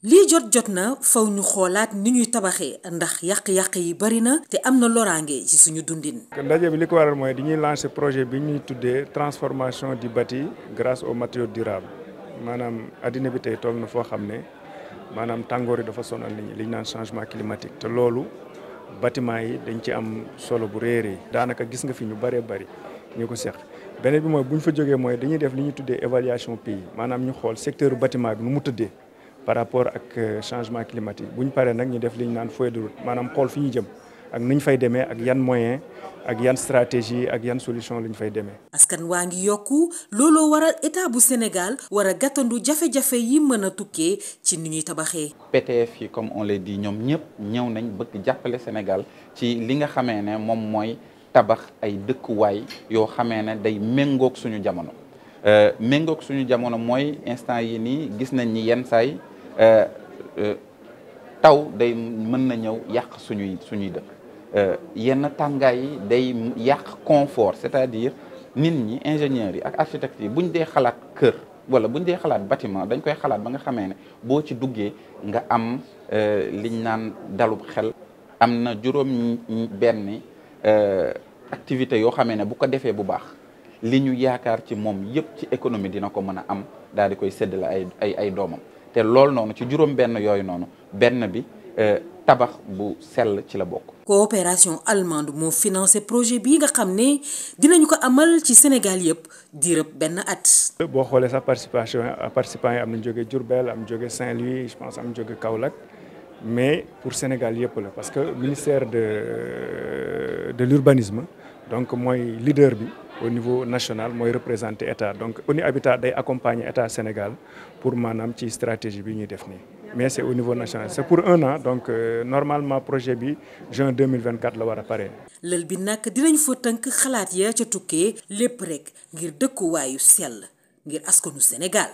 lii jot jot na faw ñu xoolaat ni ñuy tabaxee ndax yàq-yàq yi bari na te am na loraange ci suñu dundin. ndaje bi li ko waral mooy dañuy lancer projet bi ñuy tuddee transformation du bâti grâce aux matériaux durables maanaam addina bi tey toll na foo xam ne maanaam tàngoor yi dafa sonal nit ñi naan changement climatique te loolu bâtiment yi dañ ci am solo bu réeree daanaka gis nga fi ñu bëree bari ñu ko seq. beneen bi mooy bu ñu fa jógee mooy dañuy def li ñuy tuddee évaluation pays maanaam ñu xool secteur bâtiment bi nu mu tëddee par rapport ak euh, changement climatique bu ñu paree nag ñu def li ñu naan feuille de route maanaam xool fi ñu jëm ak nu fay demee ak yan moyen ak yan stratégie ak yan solution la ñu fay demee. askan waa ngi yokku looloo waral état bu Sénégal war a gàttandu jafe-jafe yi mën a tukkee ci ni ñuy tabaxee. PTF yi comme on l'a dit ñoom ñëpp ñëw nañ bëgg jàppale Sénégal ci li nga xamee ne moom mooy. tabax ay dëkkuwaay yoo xamee ne day méngook suñu jamono euh, méngoog suñu jamono mooy instant yi nii gis nañ ni yenn saay euh, euh, taw day mën na ñëw yàq suñuy suñuy dëkk yenn tàngaay yi day yàq confort c'est-à-dire nit ñi ingénieurs yi ak architectes yi buñ dee xalaat kër wala buñ dee xalaat bâtiment dañ koy xalaat ba nga xamee ne boo ci duggee nga am liñ naan dalub xel am na juróom benni activité yoo xamee ne bu ko defee bu baax li ñu yaakaar ci moom yëpp ci économie dina ko mën a am daal di koy séddale ay ay ay doomam te loolu noonu ci juróom benn yooyu noonu benn bi euh, tabax bu sell ci la bokk coopération allemande moo financé projet bii nga xam ne dinañu ko amal ci Sénégal yëpp diirëb benn at. boo xoolee sa participation participants am na jóge jur Diourbel am jóge Saint-Louis je pense am jóge Kaolack mais pour Sénégal yëpp la parce que ministère de euh, de l'urbanisme donc mooy leader bi au niveau national mooy représenté état donc ONU Habitat day accompagner état Sénégal pour maanaam ci stratégie bi ñuy def nii. mais c'est au niveau national c'est pour un an donc euh, normalement projet bi juin 2024 la war a pare. lël bi nag dinañ fa tënk xalaat ya ca tukkee lépp rek ngir dëkkuwaayu sell ngir askanu Sénégal.